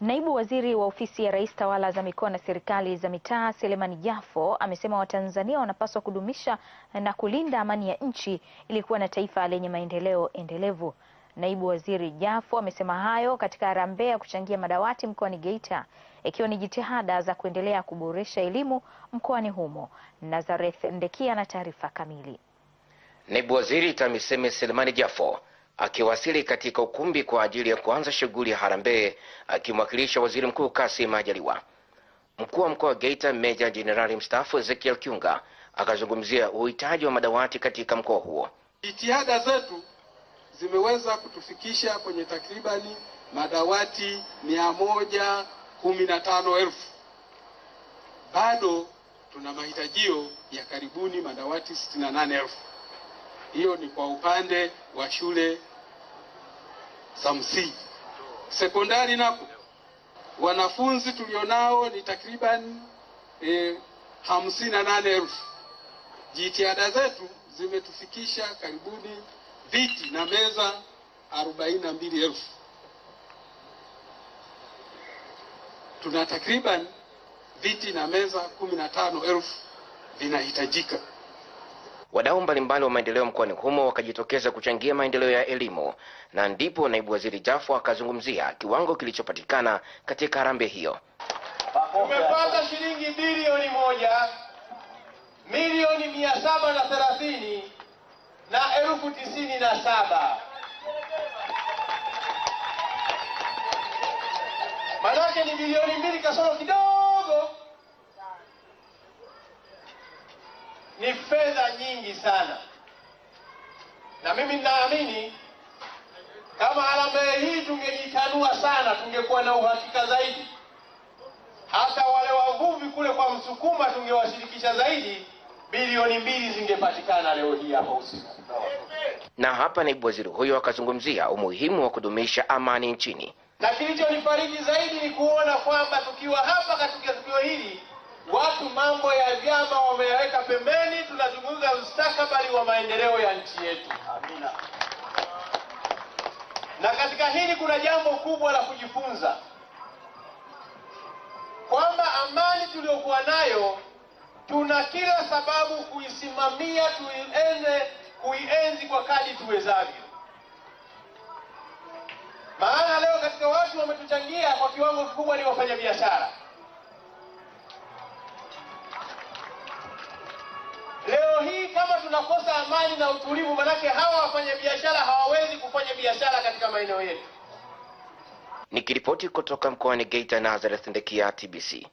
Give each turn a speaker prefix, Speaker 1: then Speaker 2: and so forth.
Speaker 1: Naibu Waziri wa Ofisi ya Rais Tawala za Mikoa na Serikali za Mitaa, Selemani Jafo amesema Watanzania wanapaswa kudumisha na kulinda amani ya nchi ili kuwa na taifa lenye maendeleo endelevu. Naibu Waziri Jafo amesema hayo katika harambee ya kuchangia madawati mkoani Geita, ikiwa ni jitihada za kuendelea kuboresha elimu mkoani humo. Nazareth Ndekia na taarifa kamili.
Speaker 2: Naibu Waziri TAMISEMI Selemani Jafo akiwasili katika ukumbi kwa ajili ya kuanza shughuli ya harambee akimwakilisha Waziri Mkuu Kassim Majaliwa. Mkuu wa mkoa wa Geita Meja Jenerali mstaafu Ezekiel Kiunga akazungumzia uhitaji wa madawati katika mkoa huo.
Speaker 3: Jitihada zetu zimeweza kutufikisha kwenye takribani madawati mia moja kumi na tano elfu. Bado tuna mahitajio ya karibuni madawati sitini elfu. Hiyo ni kwa upande wa shule Samsi. Sekondari nako wanafunzi tulionao ni takriban e, hamsini na nane elfu. Jitihada zetu zimetufikisha karibuni viti na meza arobaini na mbili elfu. Tuna takriban viti na meza kumi na tano elfu vinahitajika.
Speaker 2: Wadau mbalimbali wa maendeleo mkoani humo wakajitokeza kuchangia maendeleo ya elimu, na ndipo naibu waziri Jafo akazungumzia kiwango kilichopatikana katika harambee hiyo.
Speaker 3: Tumepata shilingi bilioni moja milioni mia saba na thelathini na elfu tisini na saba. Manake ni bilioni mbili kasoro kidogo ni fedha nyingi sana, na mimi ninaamini kama Harambee hii tungejitanua sana, tungekuwa na uhakika zaidi. Hata wale wavuvi kule kwa Msukuma tungewashirikisha zaidi, bilioni mbili zingepatikana leo hii hapa usiku.
Speaker 2: Na hapa naibu waziri huyo akazungumzia umuhimu wa kudumisha amani nchini,
Speaker 3: na kilichonifariji zaidi ni kuona kwamba tukiwa hapa katika tukio hili Watu mambo ya vyama wameyaweka pembeni, tunazungumza mustakabali wa maendeleo ya nchi yetu. Amina. Na katika hili kuna jambo kubwa la kujifunza kwamba amani tuliyokuwa nayo tuna kila sababu kuisimamia, tuienze kuienzi kwa kadri tuwezavyo. Maana leo katika watu wametuchangia kwa kiwango kikubwa ni wafanyabiashara. kama tunakosa amani na utulivu, manake hawa wafanya biashara hawawezi kufanya biashara katika maeneo yetu.
Speaker 2: Nikiripoti kutoka mkoani Geita, Nazareth Ndekia, TBC.